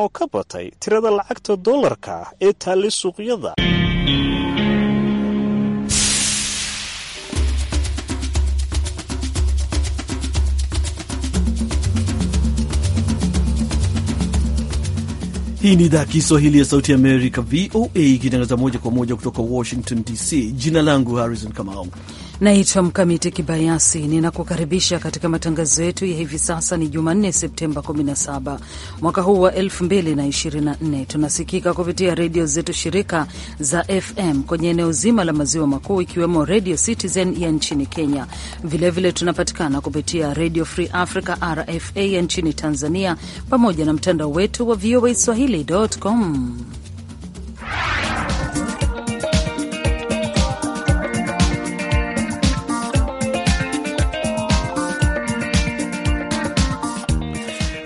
oo ka batay tirada lacagta dollarka ee taalli suuqyada Hii ni idhaa ya Kiswahili ya Sauti ya Amerika, VOA, ikitangaza moja kwa moja kutoka Washington DC. Jina langu Harrison Kamau Naitwa Mkamiti Kibayasi, ninakukaribisha katika matangazo yetu ya hivi sasa. Ni Jumanne, Septemba 17 mwaka huu wa 2024. Tunasikika kupitia redio zetu shirika za FM kwenye eneo zima la maziwa makuu, ikiwemo Redio Citizen ya nchini Kenya. Vilevile vile tunapatikana kupitia Redio Free Africa, RFA, ya nchini Tanzania, pamoja na mtandao wetu wa VOA swahili.com.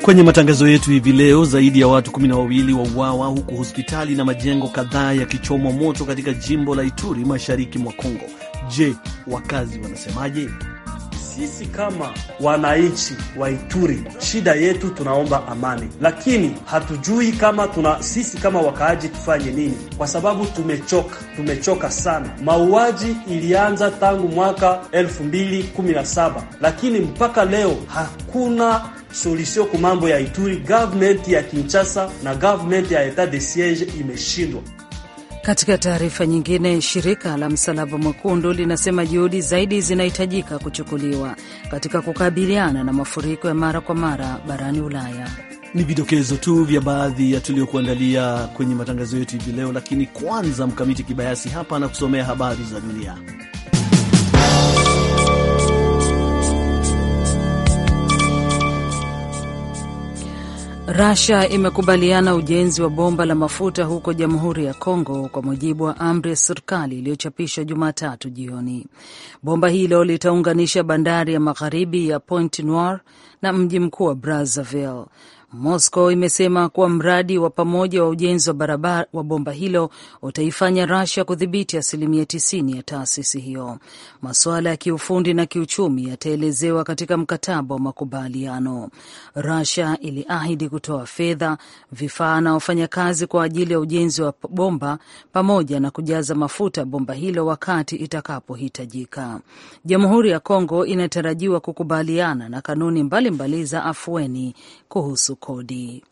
Kwenye matangazo yetu hivi leo, zaidi ya watu kumi na wawili wauawa huku hospitali na majengo kadhaa yakichomwa moto katika jimbo la Ituri mashariki mwa Kongo. Je, wakazi wanasemaje? Sisi kama wananchi wa Ituri, shida yetu tunaomba amani, lakini hatujui kama tuna sisi kama wakaaji tufanye nini, kwa sababu tumechoka, tumechoka sana. Mauaji ilianza tangu mwaka 2017 lakini mpaka leo hakuna solution ku mambo ya Ituri, government ya Kinshasa na government ya etat de siege imeshindwa. Katika taarifa nyingine, shirika la Msalaba Mwekundu linasema juhudi zaidi zinahitajika kuchukuliwa katika kukabiliana na mafuriko ya mara kwa mara barani Ulaya. Ni vidokezo tu vya baadhi ya tuliokuandalia kwenye matangazo yetu hivi leo, lakini kwanza Mkamiti Kibayasi hapa anakusomea habari za dunia. rasia imekubaliana ujenzi wa bomba la mafuta huko Jamhuri ya Kongo kwa mujibu wa amri ya serikali iliyochapishwa Jumatatu jioni. Bomba hilo litaunganisha bandari ya magharibi ya Pointe Noir na mji mkuu wa Brazzaville. Moscow imesema kuwa mradi wa pamoja wa ujenzi wa barabara wa bomba hilo utaifanya Russia kudhibiti asilimia 90 ya taasisi hiyo. Masuala ya kiufundi na kiuchumi yataelezewa katika mkataba wa makubaliano. Russia iliahidi kutoa fedha, vifaa na wafanyakazi kwa ajili ya ujenzi wa bomba pamoja na kujaza mafuta bomba hilo wakati itakapohitajika. Jamhuri ya Kongo inatarajiwa kukubaliana na kanuni mbalimbali mbali za afueni kuhusu kodi.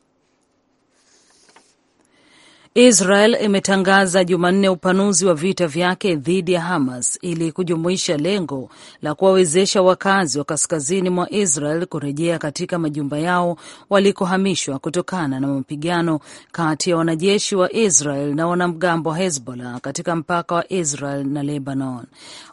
Israel imetangaza Jumanne upanuzi wa vita vyake dhidi ya Hamas ili kujumuisha lengo la kuwawezesha wakazi wa kaskazini mwa Israel kurejea katika majumba yao walikohamishwa kutokana na mapigano kati ya wanajeshi wa Israel na wanamgambo wa Hezbollah katika mpaka wa Israel na Lebanon.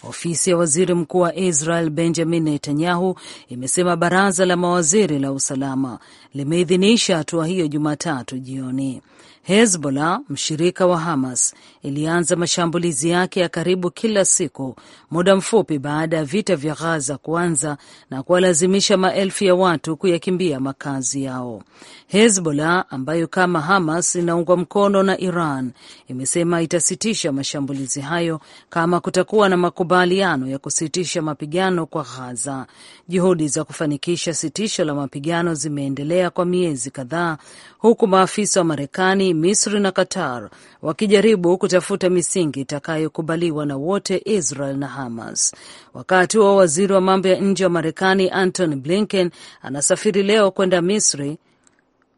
Ofisi ya waziri mkuu wa Israel Benjamin Netanyahu imesema baraza la mawaziri la usalama limeidhinisha hatua hiyo Jumatatu jioni. Hezbollah, mshirika wa Hamas, ilianza mashambulizi yake ya karibu kila siku muda mfupi baada ya vita vya Ghaza kuanza na kuwalazimisha maelfu ya watu kuyakimbia makazi yao. Hezbollah ambayo kama Hamas inaungwa mkono na Iran imesema itasitisha mashambulizi hayo kama kutakuwa na makubaliano ya kusitisha mapigano kwa Ghaza. Juhudi za kufanikisha sitisho la mapigano zimeendelea kwa miezi kadhaa huku maafisa wa Marekani, Misri na Qatar wakijaribu kutafuta misingi itakayokubaliwa na wote, Israel na Hamas. Wakati wa waziri wa mambo ya nje wa Marekani Antony Blinken anasafiri leo kwenda Misri,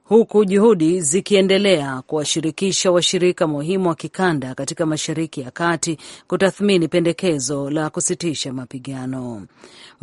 huku juhudi zikiendelea kuwashirikisha washirika muhimu wa kikanda katika Mashariki ya Kati kutathmini pendekezo la kusitisha mapigano.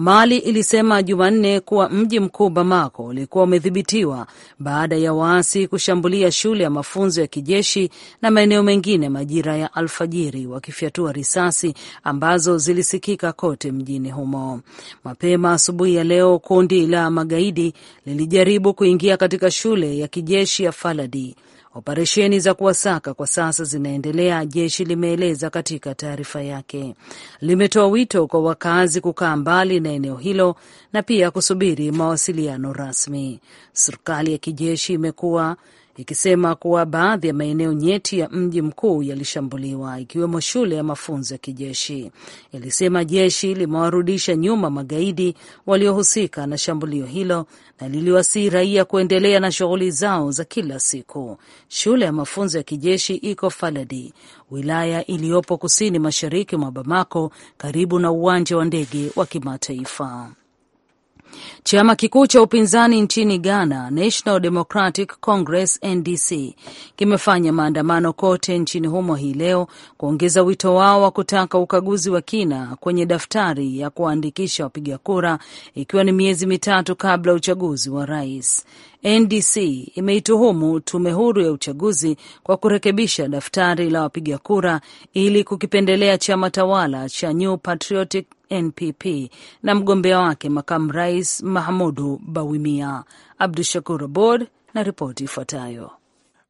Mali ilisema Jumanne kuwa mji mkuu Bamako ulikuwa umedhibitiwa baada ya waasi kushambulia shule ya mafunzo ya kijeshi na maeneo mengine majira ya alfajiri, wakifyatua risasi ambazo zilisikika kote mjini humo. Mapema asubuhi ya leo, kundi la magaidi lilijaribu kuingia katika shule ya kijeshi ya Faladi Operesheni za kuwasaka kwa sasa zinaendelea, jeshi limeeleza katika taarifa yake. Limetoa wito kwa wakazi kukaa mbali na eneo hilo na pia kusubiri mawasiliano rasmi. Serikali ya kijeshi imekuwa ikisema kuwa baadhi ya maeneo nyeti ya mji mkuu yalishambuliwa ikiwemo shule ya mafunzo ya kijeshi. Ilisema jeshi limewarudisha nyuma magaidi waliohusika na shambulio hilo na liliwasihi raia kuendelea na shughuli zao za kila siku. Shule ya mafunzo ya kijeshi iko Faladi, wilaya iliyopo kusini mashariki mwa Bamako, karibu na uwanja wa ndege wa kimataifa. Chama kikuu cha upinzani nchini Ghana, National Democratic Congress NDC, kimefanya maandamano kote nchini humo hii leo kuongeza wito wao wa kutaka ukaguzi wa kina kwenye daftari ya kuwaandikisha wapiga kura, ikiwa ni miezi mitatu kabla ya uchaguzi wa rais. NDC imeituhumu tume huru ya uchaguzi kwa kurekebisha daftari la wapiga kura ili kukipendelea chama tawala cha New Patriotic NPP na mgombea wake makamu rais Mahamudu Bawumia. Abdu Shakur Abod na ripoti ifuatayo.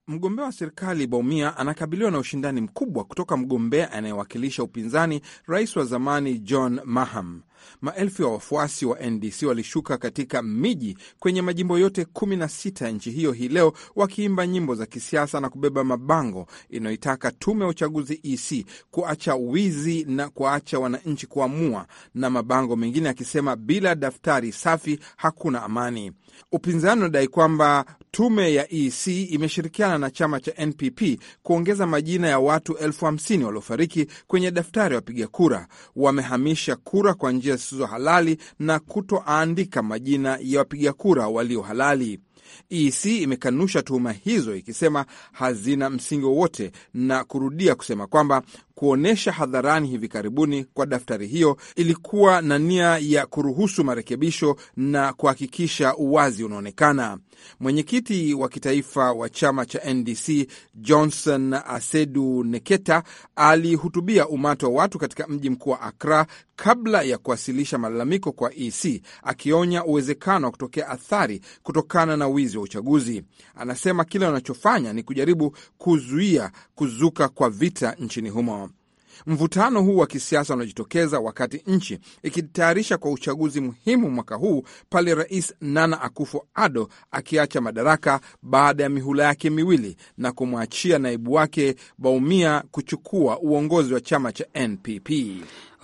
Mgombea wa serikali Baumia anakabiliwa na ushindani mkubwa kutoka mgombea anayewakilisha upinzani, rais wa zamani John Maham. Maelfu ya wafuasi wa NDC walishuka katika miji kwenye majimbo yote 16 ya nchi hiyo hii leo wakiimba nyimbo za kisiasa na kubeba mabango inayoitaka tume ya uchaguzi EC kuacha wizi na kuacha wananchi kuamua, na mabango mengine yakisema bila daftari safi hakuna amani. Upinzani unadai kwamba tume ya EC imeshirikiana na chama cha NPP kuongeza majina ya watu elfu hamsini waliofariki kwenye daftari ya wapiga kura. Wamehamisha kura kwa njia njia zisizo halali na kutoandika majina ya wapiga kura walio halali. EC imekanusha tuhuma hizo ikisema hazina msingi wowote na kurudia kusema kwamba kuonyesha hadharani hivi karibuni kwa daftari hiyo ilikuwa na nia ya kuruhusu marekebisho na kuhakikisha uwazi unaonekana. Mwenyekiti wa kitaifa wa chama cha NDC Johnson Asedu Neketa alihutubia umati wa watu katika mji mkuu wa akra kabla ya kuwasilisha malalamiko kwa EC, akionya uwezekano wa kutokea athari kutokana na wizi wa uchaguzi. Anasema kile wanachofanya ni kujaribu kuzuia kuzuka kwa vita nchini humo. Mvutano huu wa kisiasa unajitokeza wakati nchi ikitayarisha kwa uchaguzi muhimu mwaka huu pale Rais Nana akufo ado akiacha madaraka baada ya mihula yake miwili na kumwachia naibu wake Baumia kuchukua uongozi wa chama cha NPP.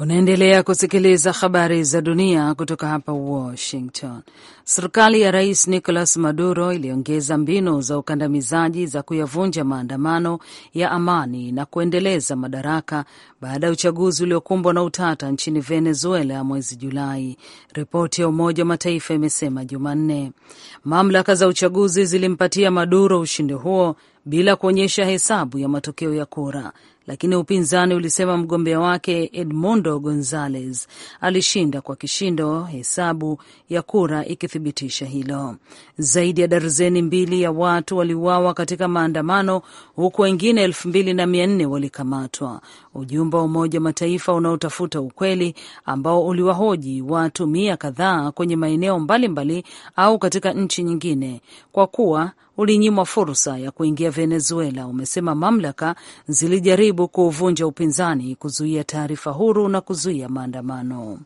Unaendelea kusikiliza habari za dunia kutoka hapa Washington. Serikali ya rais Nicolas Maduro iliongeza mbinu za ukandamizaji za kuyavunja maandamano ya amani na kuendeleza madaraka baada ya uchaguzi uliokumbwa na utata nchini Venezuela mwezi Julai, ripoti ya Umoja wa Mataifa imesema Jumanne. Mamlaka za uchaguzi zilimpatia Maduro ushindi huo bila kuonyesha hesabu ya matokeo ya kura lakini upinzani ulisema mgombea wake Edmundo Gonzalez alishinda kwa kishindo, hesabu ya kura ikithibitisha hilo. Zaidi ya darzeni mbili ya watu waliuawa katika maandamano huku wengine elfu mbili na mia nne walikamatwa. Ujumbe wa Umoja wa Mataifa unaotafuta ukweli ambao uliwahoji watu mia kadhaa kwenye maeneo mbalimbali au katika nchi nyingine kwa kuwa ulinyimwa fursa ya kuingia Venezuela, umesema mamlaka zilijaribu kuuvunja upinzani, kuzuia taarifa huru na kuzuia maandamano.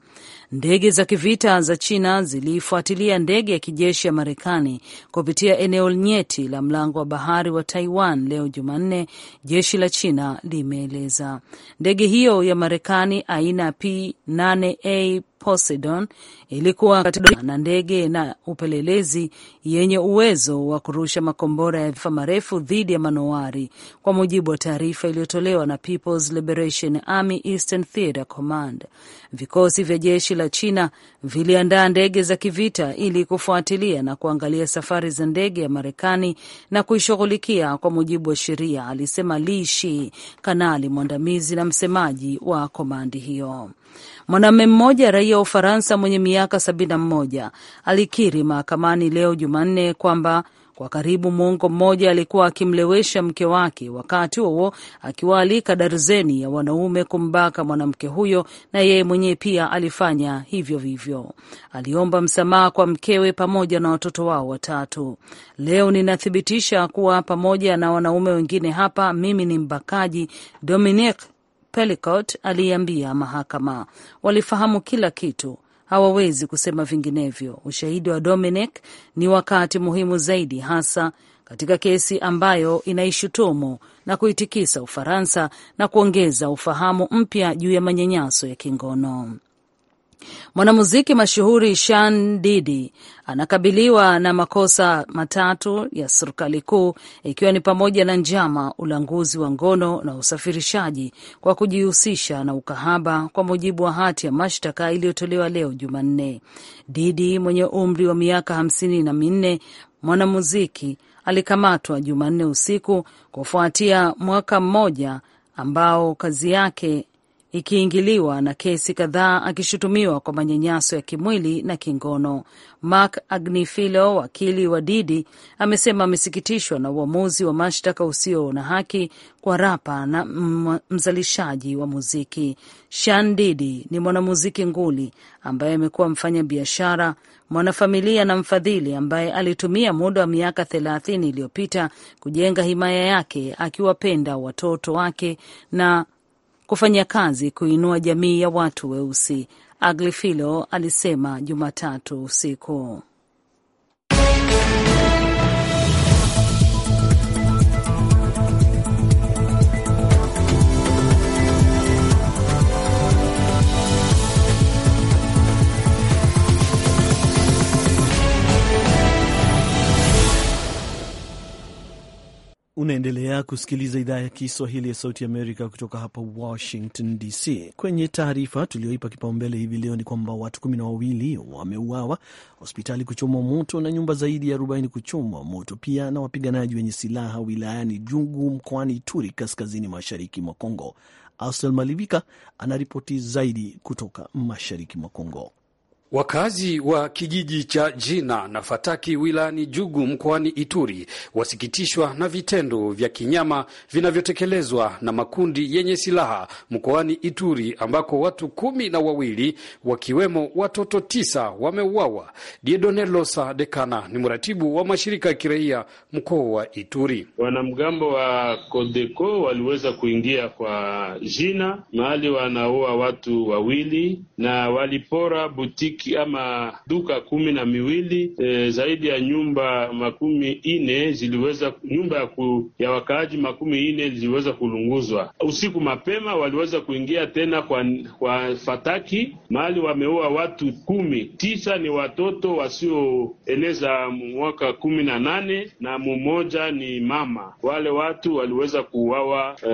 Ndege za kivita za China ziliifuatilia ndege ya kijeshi ya Marekani kupitia eneo nyeti la mlango wa bahari wa Taiwan leo Jumanne, jeshi la China limeeleza. Ndege hiyo ya Marekani aina ya P8A Poseidon ilikuwa katika na ndege na upelelezi yenye uwezo wa kurusha makombora ya vifaa marefu dhidi ya manowari, kwa mujibu wa taarifa iliyotolewa na People's Liberation Army Eastern Theater Command. Vikosi vya jeshi la China viliandaa ndege za kivita ili kufuatilia na kuangalia safari za ndege ya Marekani na kuishughulikia kwa mujibu wa sheria, alisema Li Shi, kanali mwandamizi na msemaji wa komandi hiyo. Mwanamume mmoja raia wa Ufaransa mwenye miaka mmoja alikiri mahakamani leo Jumanne kwamba kwa karibu mwongo mmoja alikuwa akimlewesha mke wake, wakati huo akiwaalika darzeni ya wanaume kumbaka mwanamke huyo, na yeye mwenyewe pia alifanya hivyo vivyo. Aliomba msamaha kwa mkewe pamoja na watoto wao watatu. Leo ninathibitisha kuwa pamoja na wanaume wengine hapa, mimi ni mbakaji, Dominique Pelicot aliyeambia mahakama, walifahamu kila kitu, hawawezi kusema vinginevyo. Ushahidi wa Dominic ni wakati muhimu zaidi, hasa katika kesi ambayo inaishutumu na kuitikisa Ufaransa na kuongeza ufahamu mpya juu ya manyanyaso ya kingono. Mwanamuziki mashuhuri Shan Didi anakabiliwa na makosa matatu ya serikali kuu ikiwa ni pamoja na njama, ulanguzi wa ngono na usafirishaji kwa kujihusisha na ukahaba, kwa mujibu wa hati ya mashtaka iliyotolewa leo Jumanne. Didi mwenye umri wa miaka hamsini na minne mwanamuziki alikamatwa Jumanne usiku kufuatia mwaka mmoja ambao kazi yake ikiingiliwa na kesi kadhaa akishutumiwa kwa manyanyaso ya kimwili na kingono. Mark Agnifilo, wakili wa Didi, amesema amesikitishwa na uamuzi wa mashtaka usio na haki kwa rapa na mzalishaji wa muziki. Shan Didi ni mwanamuziki nguli ambaye amekuwa mfanya biashara, mwanafamilia na mfadhili ambaye alitumia muda wa miaka thelathini iliyopita kujenga himaya yake akiwapenda watoto wake na kufanya kazi kuinua jamii ya watu weusi, Aglifilo alisema Jumatatu usiku. Unaendelea kusikiliza idhaa ya Kiswahili ya Sauti Amerika kutoka hapa Washington DC. Kwenye taarifa tulioipa kipaumbele hivi leo ni kwamba watu kumi na wawili wameuawa, hospitali kuchomwa moto na nyumba zaidi ya arobaini kuchomwa moto pia na wapiganaji wenye silaha wilayani Jungu mkoani Ituri, kaskazini mashariki mwa Kongo. Astel Malivika anaripoti zaidi kutoka mashariki mwa Kongo. Wakazi wa kijiji cha Jina na Fataki wilayani Jugu mkoani Ituri wasikitishwa na vitendo vya kinyama vinavyotekelezwa na makundi yenye silaha mkoani Ituri ambako watu kumi na wawili wakiwemo watoto tisa wameuawa. Diedone Losa Dekana ni mratibu wa mashirika ya kiraia mkoa wa Ituri. Wanamgambo wa Kodeko waliweza kuingia kwa Jina mahali wanaua watu wawili na walipora butiki kliniki ama duka kumi na miwili e, zaidi ya nyumba makumi nne ziliweza nyumba ya, ku, ya wakaaji makumi nne ziliweza kulunguzwa usiku mapema. Waliweza kuingia tena kwa, kwa fataki mahali wameua watu kumi, tisa ni watoto wasioeneza mwaka kumi na nane na mmoja ni mama. Wale watu waliweza kuuawa e,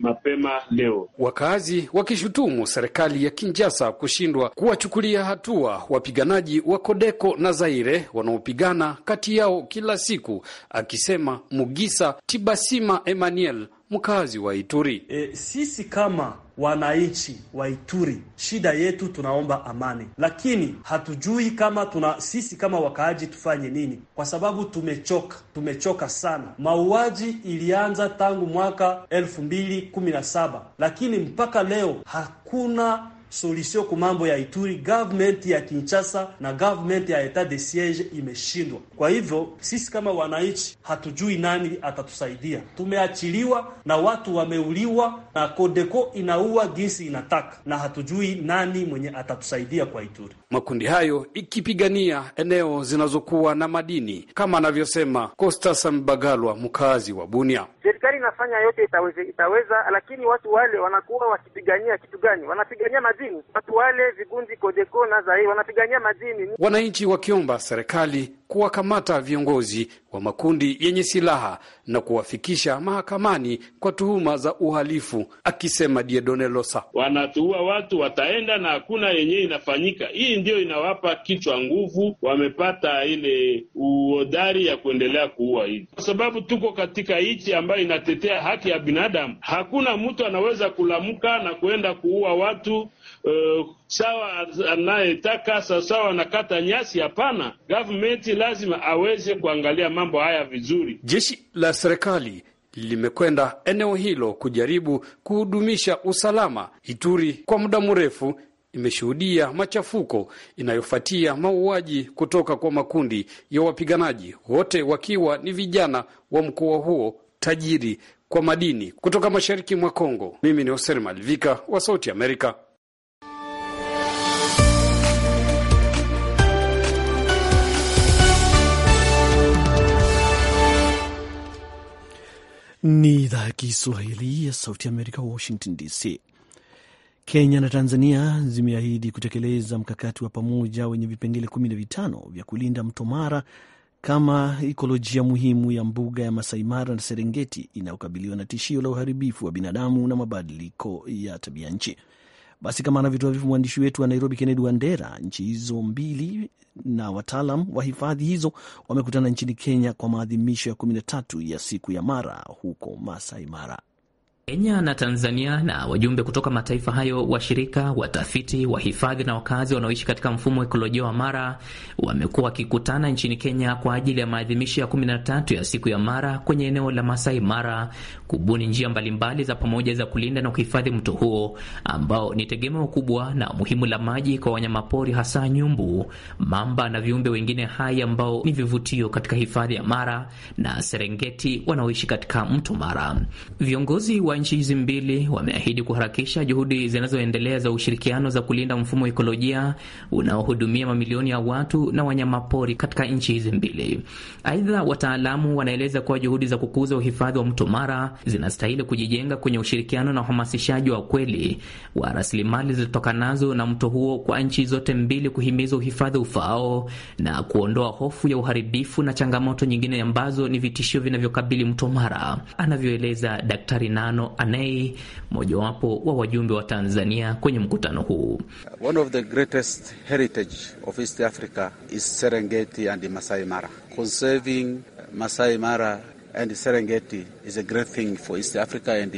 mapema leo, wakaazi wakishutumu serikali ya Kinjasa kushindwa kuwachukulia hatua wapiganaji wa Kodeko na Zaire wanaopigana kati yao kila siku, akisema Mugisa Tibasima Emmanuel, mkazi wa Ituri. E, sisi kama wananchi wa Ituri, shida yetu tunaomba amani, lakini hatujui kama tuna sisi kama wakaaji tufanye nini, kwa sababu tumechoka, tumechoka sana. Mauaji ilianza tangu mwaka elfu mbili kumi na saba lakini mpaka leo hakuna solution ku mambo ya Ituri, government ya Kinshasa na government ya etat de siege imeshindwa. Kwa hivyo sisi kama wananchi hatujui nani atatusaidia. Tumeachiliwa na watu wameuliwa, na Kodeko inaua jinsi inataka, na hatujui nani mwenye atatusaidia kwa Ituri. Makundi hayo ikipigania eneo zinazokuwa na madini kama anavyosema Costa Sambagalwa, mkazi wa Bunia. Serikali inafanya yote itaweza, itaweza, lakini watu wale wanakuwa wakipigania kitu gani? Wanapigania madini. Watu wale vigundi Kodeko na zai wanapigania madini. Wananchi wakiomba serikali kuwakamata viongozi wa makundi yenye silaha na kuwafikisha mahakamani kwa tuhuma za uhalifu, akisema Diedone Losa. Wanatuua watu, wataenda na hakuna yenyewe inafanyika. Hii ndiyo inawapa kichwa nguvu, wamepata ile uodari ya kuendelea kuua hivi, kwa sababu tuko katika nchi ambayo inatetea haki ya binadamu. Hakuna mtu anaweza kulamka na kuenda kuua watu uh, sawa anayetaka sawasawa, anakata nyasi. Hapana, gavumenti lazima aweze kuangalia mambo haya vizuri. Jeshi la serikali limekwenda eneo hilo kujaribu kuhudumisha usalama. Ituri kwa muda mrefu imeshuhudia machafuko inayofuatia mauaji kutoka kwa makundi ya wapiganaji, wote wakiwa ni vijana wa mkoa huo tajiri kwa madini kutoka mashariki mwa Kongo. Mimi ni Hoser Malivika wa Sauti Amerika. Ni idhaa ya Kiswahili ya Sauti ya Amerika, Washington DC. Kenya na Tanzania zimeahidi kutekeleza mkakati wa pamoja wenye vipengele kumi na vitano vya kulinda mto Mara kama ikolojia muhimu ya mbuga ya Masai Mara na Serengeti inayokabiliwa na tishio la uharibifu wa binadamu na mabadiliko ya tabia nchi. Basi kama anavyotuarifu mwandishi wetu wa Nairobi, Kennedy Wandera, nchi hizo mbili na wataalam wa hifadhi hizo wamekutana nchini Kenya kwa maadhimisho ya kumi na tatu ya siku ya Mara huko Masai Mara. Kenya na Tanzania na wajumbe kutoka mataifa hayo, washirika, watafiti, wahifadhi na wakazi wanaoishi katika mfumo wa ekolojia wa Mara wamekuwa wakikutana nchini Kenya kwa ajili ya maadhimisho ya 13 ya siku ya Mara kwenye eneo la Masai Mara kubuni njia mbalimbali za pamoja za kulinda na kuhifadhi mto huo ambao ni tegemeo kubwa na muhimu la maji kwa wanyamapori, hasa nyumbu, mamba na viumbe wengine hai ambao ni vivutio katika hifadhi ya Mara na Serengeti wanaoishi katika mto Mara. Viongozi wa nchi hizi mbili wameahidi kuharakisha juhudi zinazoendelea za ushirikiano za kulinda mfumo wa ikolojia unaohudumia mamilioni ya watu na wanyamapori katika nchi hizi mbili. Aidha, wataalamu wanaeleza kuwa juhudi za kukuza uhifadhi wa Mto Mara zinastahili kujijenga kwenye ushirikiano na uhamasishaji wa kweli wa rasilimali zilitokanazo na mto huo kwa nchi zote mbili, kuhimiza uhifadhi ufaao na kuondoa hofu ya uharibifu na changamoto nyingine ambazo ni vitishio vinavyokabili Mto Mara, anavyoeleza Daktari Nano Jumatano anai mojawapo wa wajumbe wa Tanzania kwenye mkutano huu. One of the greatest heritage of East Africa is Serengeti and Masai Mara. Conserving Masai Mara and Serengeti is a great thing for East Africa and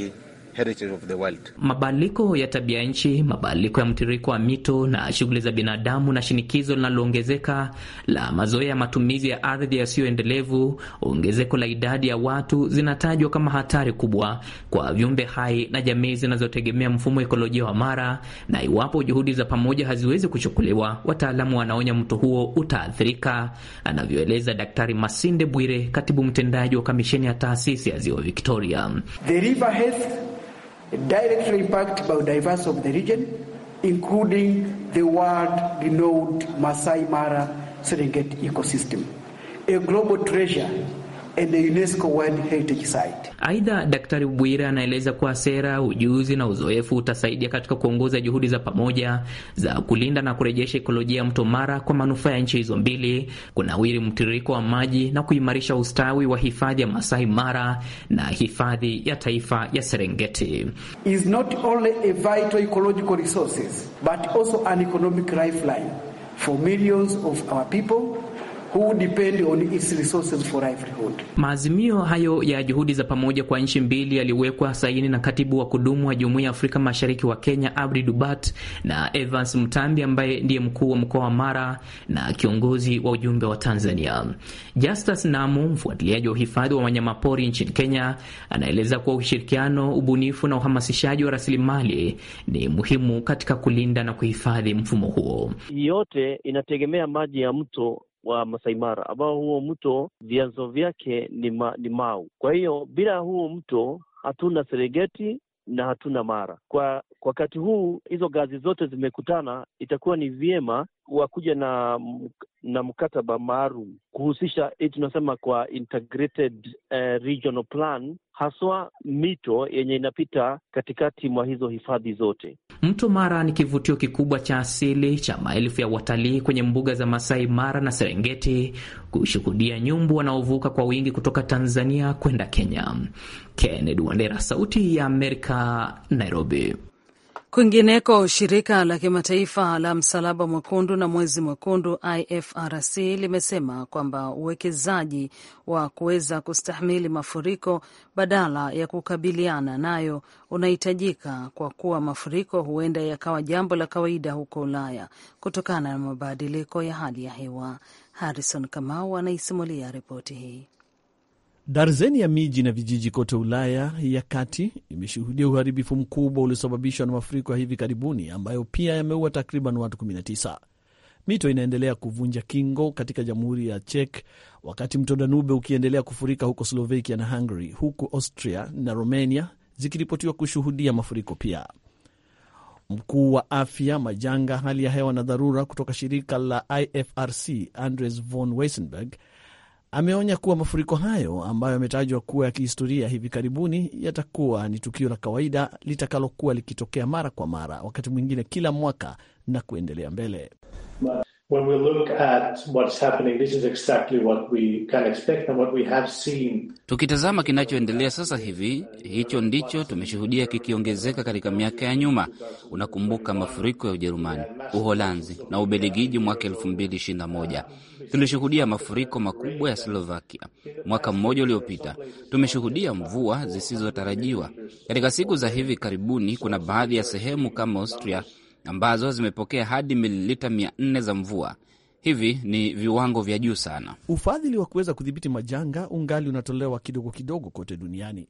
heritage of the world. Mabadiliko ya tabia nchi, mabadiliko ya mtiririko wa mito na shughuli za binadamu na shinikizo linaloongezeka la mazoea ya matumizi ya ardhi yasiyoendelevu, ongezeko la idadi ya watu zinatajwa kama hatari kubwa kwa viumbe hai na jamii zinazotegemea mfumo ekolojia wa mara, na iwapo juhudi za pamoja haziwezi kuchukuliwa, wataalamu wanaonya mto huo utaathirika, anavyoeleza Daktari Masinde Bwire, katibu mtendaji wa kamisheni ya taasisi ya Ziwa Victoria. The river health directly impact biodiversity of the region, including the world-renowned Masai Mara Serengeti ecosystem, a global treasure and the UNESCO World Heritage Site. Aidha, Daktari Bwira anaeleza kuwa sera, ujuzi na uzoefu utasaidia katika kuongoza juhudi za pamoja za kulinda na kurejesha ekolojia ya Mto Mara kwa manufaa ya nchi hizo mbili, kunawiri mtiririko wa maji na kuimarisha ustawi wa hifadhi ya Masai Mara na hifadhi ya taifa ya Serengeti. Is not only a vital ecological resources, but also an economic lifeline for millions of our people who depend on its resources for livelihood. Maazimio hayo ya juhudi za pamoja kwa nchi mbili yaliwekwa saini na katibu wa kudumu wa Jumuiya ya Afrika Mashariki wa Kenya Abdi Dubat na Evans Mtambi ambaye ndiye mkuu wa mkoa wa Mara na kiongozi wa ujumbe wa Tanzania. Justus Namu, mfuatiliaji wa uhifadhi wa wanyamapori nchini Kenya, anaeleza kuwa ushirikiano, ubunifu na uhamasishaji wa rasilimali ni muhimu katika kulinda na kuhifadhi mfumo huo. Yote inategemea maji ya mto wa Masai Mara, ambao huo mto vyanzo vyake ni, ma, ni Mau. Kwa hiyo bila huo mto hatuna Serengeti na hatuna Mara. Kwa wakati huu hizo gazi zote zimekutana, itakuwa ni vyema wakuja na na mkataba maalum kuhusisha hii eh, tunasema kwa integrated uh, regional plan haswa mito yenye inapita katikati mwa hizo hifadhi zote. Mto Mara ni kivutio kikubwa cha asili cha maelfu ya watalii kwenye mbuga za Masai Mara na Serengeti kushuhudia nyumbu wanaovuka kwa wingi kutoka Tanzania kwenda Kenya. Kennedy Wandera, Sauti ya Amerika, Nairobi. Kwingineko, shirika la kimataifa la Msalaba Mwekundu na Mwezi Mwekundu IFRC limesema kwamba uwekezaji wa kuweza kustahimili mafuriko badala ya kukabiliana nayo unahitajika kwa kuwa mafuriko huenda yakawa jambo la kawaida huko Ulaya kutokana na mabadiliko ya hali ya hewa. Harrison Kamau anaisimulia ripoti hii. Darzeni ya miji na vijiji kote Ulaya ya kati imeshuhudia uharibifu mkubwa uliosababishwa na mafuriko ya hivi karibuni ambayo pia yameua takriban watu 19. Mito inaendelea kuvunja kingo katika jamhuri ya Czech, wakati mto Danube ukiendelea kufurika huko Slovakia na Hungary, huku Austria na Romania zikiripotiwa kushuhudia mafuriko pia. Mkuu wa afya, majanga, hali ya hewa na dharura kutoka shirika la IFRC Andres von Weissenberg Ameonya kuwa mafuriko hayo ambayo yametajwa kuwa ya kihistoria hivi karibuni yatakuwa ni tukio la kawaida litakalokuwa likitokea mara kwa mara, wakati mwingine kila mwaka na kuendelea mbele when we look at what's happening, this is exactly what we can expect and what we have seen. Tukitazama kinachoendelea sasa hivi, hicho ndicho tumeshuhudia kikiongezeka katika miaka ya nyuma. Unakumbuka mafuriko ya Ujerumani, Uholanzi na Ubelgiji mwaka 2021. Tulishuhudia mafuriko makubwa ya Slovakia mwaka mmoja uliopita. Tumeshuhudia mvua zisizotarajiwa katika siku za hivi karibuni. Kuna baadhi ya sehemu kama Austria ambazo zimepokea hadi mililita 400 za mvua. Hivi ni viwango vya juu sana. Ufadhili wa kuweza kudhibiti majanga ungali unatolewa kidogo kidogo kote duniani.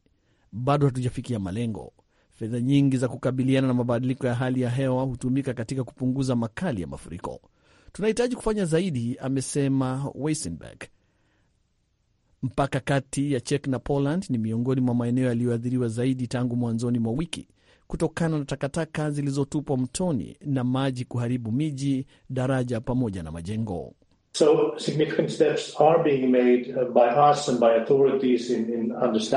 Bado hatujafikia malengo. Fedha nyingi za kukabiliana na mabadiliko ya hali ya hewa hutumika katika kupunguza makali ya mafuriko. Tunahitaji kufanya zaidi, amesema Weisenberg. Mpaka kati ya Czech na Poland ni miongoni mwa maeneo yaliyoathiriwa zaidi tangu mwanzoni mwa wiki kutokana na takataka zilizotupwa mtoni na maji kuharibu miji, daraja pamoja na majengo. So uh,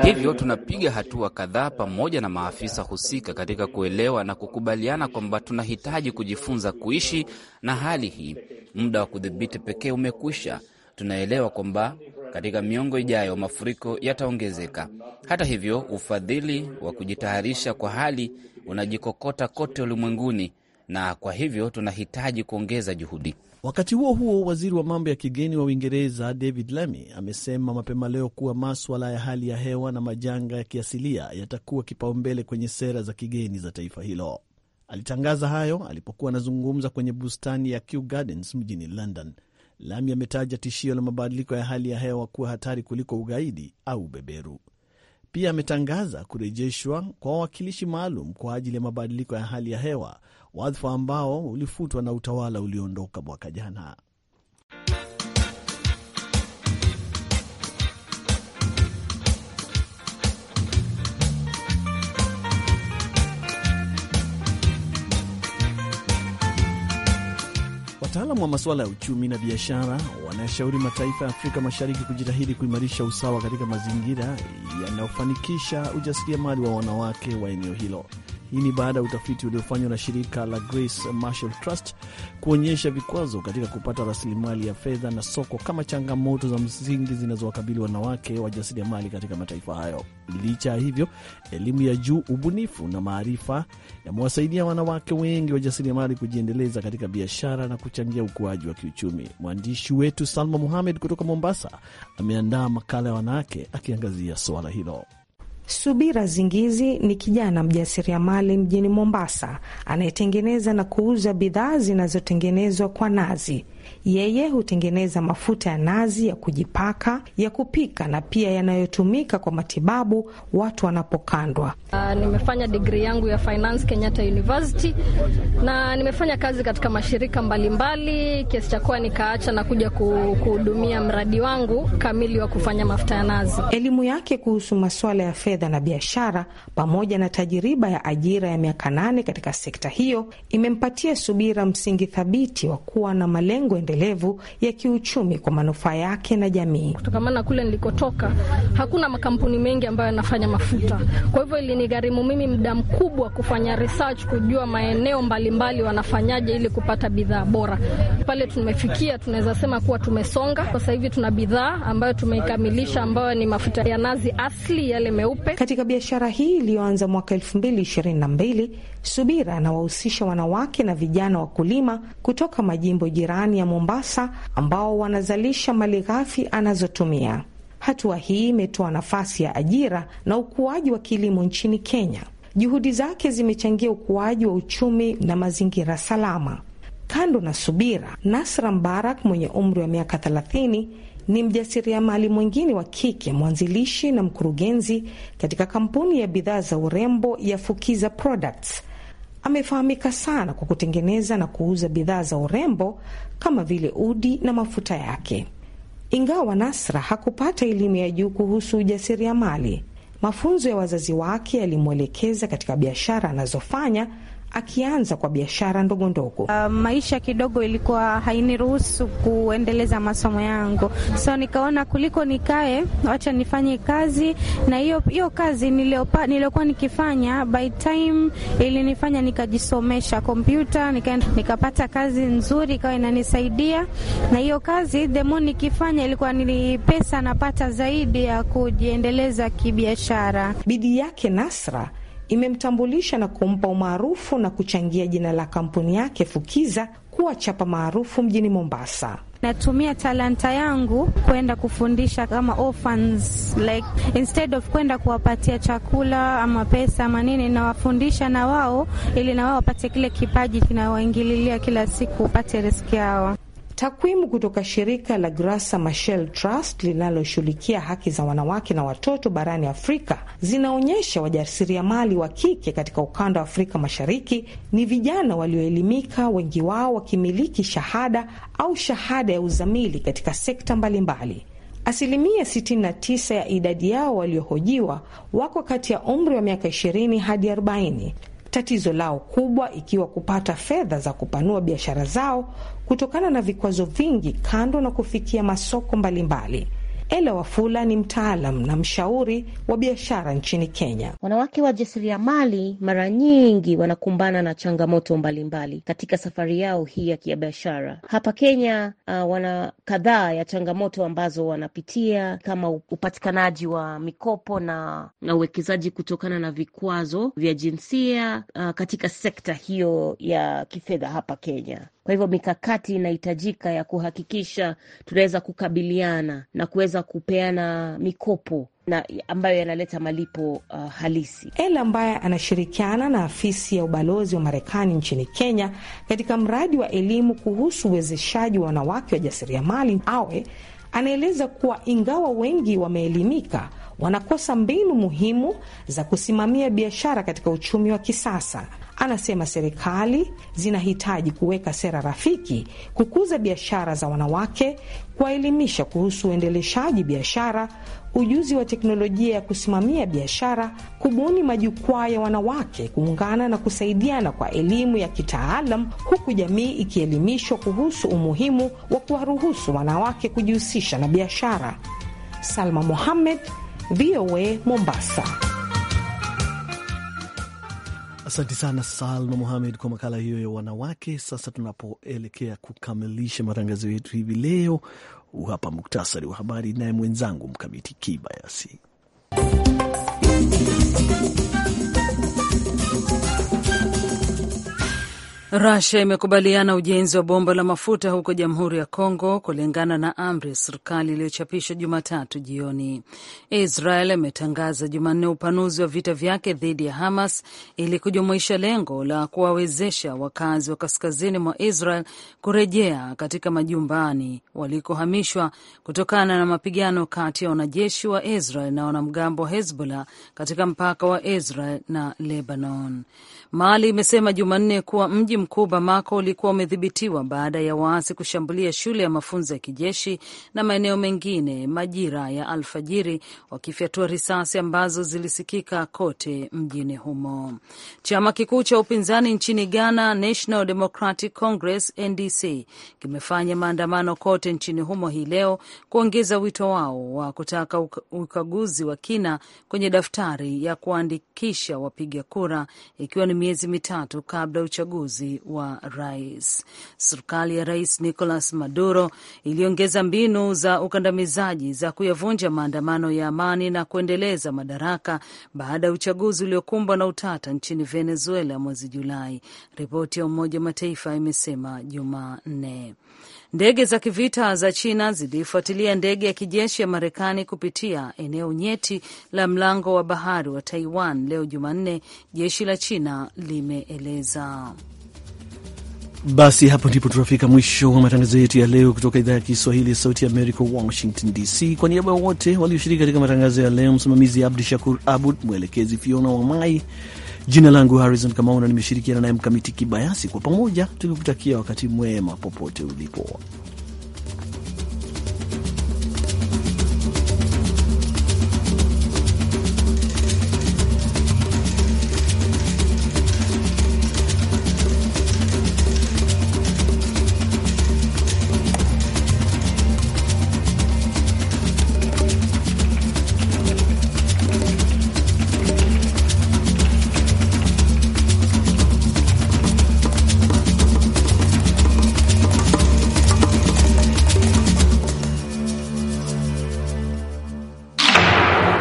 Hivyo tunapiga hatua kadhaa pamoja na maafisa husika katika kuelewa na kukubaliana kwamba tunahitaji kujifunza kuishi na hali hii. Muda wa kudhibiti pekee umekwisha tunaelewa kwamba katika miongo ijayo mafuriko yataongezeka. Hata hivyo, ufadhili wa kujitayarisha kwa hali unajikokota kote ulimwenguni na kwa hivyo tunahitaji kuongeza juhudi. Wakati huo huo, waziri wa mambo ya kigeni wa Uingereza David Lammy amesema mapema leo kuwa maswala ya hali ya hewa na majanga ya kiasilia yatakuwa kipaumbele kwenye sera za kigeni za taifa hilo. Alitangaza hayo alipokuwa anazungumza kwenye bustani ya Kew Gardens mjini London. Lami ametaja tishio la mabadiliko ya hali ya hewa kuwa hatari kuliko ugaidi au beberu. Pia ametangaza kurejeshwa kwa wawakilishi maalum kwa ajili ya mabadiliko ya hali ya hewa, wadhifa ambao ulifutwa na utawala ulioondoka mwaka jana. Wataalamu wa masuala ya uchumi na biashara wanashauri mataifa ya Afrika Mashariki kujitahidi kuimarisha usawa katika mazingira yanayofanikisha ujasiriamali wa wanawake wa eneo hilo. Hii ni baada ya utafiti uliofanywa na shirika la Grace Marshall Trust kuonyesha vikwazo katika kupata rasilimali ya fedha na soko kama changamoto za msingi zinazowakabili wanawake wajasiriamali katika mataifa hayo. Licha ya hivyo, elimu ya juu, ubunifu na maarifa yamewasaidia wanawake wengi wajasiriamali kujiendeleza katika biashara na kuchangia ukuaji wa kiuchumi. Mwandishi wetu Salma Muhamed kutoka Mombasa ameandaa makala ya wanawake akiangazia suala hilo. Subira Zingizi ni kijana mjasiriamali mjini Mombasa anayetengeneza na kuuza bidhaa zinazotengenezwa kwa nazi. Yeye hutengeneza mafuta ya nazi ya kujipaka, ya kupika na pia yanayotumika kwa matibabu watu wanapokandwa. Uh, nimefanya digri yangu ya finance Kenyatta University na nimefanya kazi katika mashirika mbalimbali kiasi cha kuwa nikaacha na kuja kuhudumia mradi wangu kamili wa kufanya mafuta ya nazi. Elimu yake kuhusu masuala ya fedha na biashara pamoja na tajiriba ya ajira ya miaka nane katika sekta hiyo imempatia subira msingi thabiti wa kuwa na malengo endelevu endelevu ya kiuchumi kwa manufaa yake na jamii. Kutokamana kule nilikotoka, hakuna makampuni mengi ambayo yanafanya mafuta, kwa hivyo ilinigharimu mimi muda mkubwa kufanya research, kujua maeneo mbalimbali wanafanyaje ili kupata bidhaa bora. Pale tumefikia, tunaweza sema kuwa tumesonga. Sasa hivi tuna bidhaa ambayo tumeikamilisha ambayo ni mafuta ya nazi asili yale meupe. Katika biashara hii iliyoanza mwaka elfu mbili ishirini na mbili Subira anawahusisha wanawake na vijana wakulima kutoka majimbo jirani ya Mombasa ambao wanazalisha mali ghafi anazotumia. Hatua hii imetoa nafasi ya ajira na ukuaji wa kilimo nchini Kenya. Juhudi zake zimechangia ukuaji wa uchumi na mazingira salama. Kando na Subira, Nasra Mbarak mwenye umri wa miaka 30 ni mjasiriamali mwingine wa kike, mwanzilishi na mkurugenzi katika kampuni ya bidhaa za urembo ya Fukiza Products amefahamika sana kwa kutengeneza na kuuza bidhaa za urembo kama vile udi na mafuta yake. Ingawa Nasra hakupata elimu ya juu kuhusu ujasiriamali, mafunzo ya wazazi wake yalimwelekeza katika biashara anazofanya akianza kwa biashara ndogo ndogo. Uh, maisha kidogo ilikuwa hainiruhusu kuendeleza masomo yangu, so nikaona kuliko nikae, wacha nifanye kazi, na hiyo hiyo kazi niliyokuwa nikifanya by time ilinifanya nikajisomesha kompyuta, nika, nikapata kazi nzuri ikawa inanisaidia, na hiyo kazi themo nikifanya ilikuwa ni pesa napata zaidi ya kujiendeleza kibiashara. Bidii yake Nasra imemtambulisha na kumpa umaarufu na kuchangia jina la kampuni yake Fukiza kuwa chapa maarufu mjini Mombasa. Natumia talanta yangu kwenda kufundisha kama orphans, like instead of kwenda kuwapatia chakula ama pesa ama nini, nawafundisha na wao ili na wao wapate kile kipaji kinawaingililia kila siku, upate riski yao. Takwimu kutoka shirika la Grasa Machel Trust linaloshughulikia haki za wanawake na watoto barani Afrika zinaonyesha wajasiriamali wa kike katika ukanda wa Afrika Mashariki ni vijana walioelimika, wengi wao wakimiliki shahada au shahada ya uzamili katika sekta mbalimbali. Asilimia 69 ya idadi yao waliohojiwa wako kati ya umri wa miaka 20 hadi 40. Tatizo lao kubwa ikiwa kupata fedha za kupanua biashara zao kutokana na vikwazo vingi, kando na kufikia masoko mbalimbali. Ela Wafula ni mtaalam na mshauri wa biashara nchini Kenya. Wanawake wajasiriamali mara nyingi wanakumbana na changamoto mbalimbali mbali katika safari yao hii ya kibiashara hapa Kenya. Uh, wana kadhaa ya changamoto ambazo wanapitia kama upatikanaji wa mikopo na, na uwekezaji kutokana na vikwazo vya jinsia uh, katika sekta hiyo ya kifedha hapa Kenya. Kwa hivyo mikakati inahitajika ya kuhakikisha tunaweza kukabiliana na kuweza kupeana mikopo na ambayo yanaleta malipo uh, halisi. Ela ambaye anashirikiana na afisi ya ubalozi wa Marekani nchini Kenya katika mradi wa elimu kuhusu uwezeshaji wa wanawake wa mali awe anaeleza kuwa ingawa wengi wameelimika, wanakosa mbinu muhimu za kusimamia biashara katika uchumi wa kisasa. Anasema serikali zinahitaji kuweka sera rafiki, kukuza biashara za wanawake, kuwaelimisha kuhusu uendeleshaji biashara, ujuzi wa teknolojia ya kusimamia biashara, kubuni majukwaa ya wanawake kuungana na kusaidiana kwa elimu ya kitaalam, huku jamii ikielimishwa kuhusu umuhimu wa kuwaruhusu wanawake kujihusisha na biashara. Salma Mohamed, VOA, Mombasa. Asante sana Salma muhamed kwa makala hiyo ya wanawake. Sasa tunapoelekea kukamilisha matangazo yetu hivi leo, hapa muktasari wa habari, naye mwenzangu Mkamiti Kibayasi. Russia imekubaliana ujenzi wa bomba la mafuta huko Jamhuri ya Kongo kulingana na amri ya serikali iliyochapishwa Jumatatu jioni. Israel imetangaza Jumanne upanuzi wa vita vyake dhidi ya Hamas ili kujumuisha lengo la kuwawezesha wakazi wa kaskazini mwa Israel kurejea katika majumbani walikohamishwa kutokana na mapigano kati ya wanajeshi wa Israel na wanamgambo wa Hezbollah katika mpaka wa Israel na Lebanon. Mali imesema Jumanne kuwa mji mkuu Bamako ulikuwa umedhibitiwa baada ya waasi kushambulia shule ya mafunzo ya kijeshi na maeneo mengine majira ya alfajiri, wakifyatua risasi ambazo zilisikika kote mjini humo. Chama kikuu cha upinzani nchini Ghana, National Democratic Congress NDC, kimefanya maandamano kote nchini humo hii leo kuongeza wito wao wa kutaka ukaguzi wa kina kwenye daftari ya kuandikisha wapiga kura ikiwa ni miezi mitatu kabla ya uchaguzi wa rais. Serikali ya Rais Nicolas Maduro iliongeza mbinu za ukandamizaji za kuyavunja maandamano ya amani na kuendeleza madaraka baada ya uchaguzi uliokumbwa na utata nchini Venezuela mwezi Julai, ripoti ya Umoja wa Mataifa imesema Jumanne. Ndege za kivita za China zilifuatilia ndege ya kijeshi ya Marekani kupitia eneo nyeti la mlango wa bahari wa Taiwan leo Jumanne, jeshi la China limeeleza. Basi hapo ndipo tunafika mwisho wa matangazo yetu ya leo kutoka idhaa ya Kiswahili ya Sauti ya Amerika, Washington DC. Kwa niaba ya wote walioshiriki katika matangazo ya leo, msimamizi Abdu Shakur Abud, mwelekezi Fiona Wamai. Jina langu Harrison Kamau na nimeshirikiana naye Mkamiti Kibayasi. Kwa pamoja tukikutakia wakati mwema popote ulipo.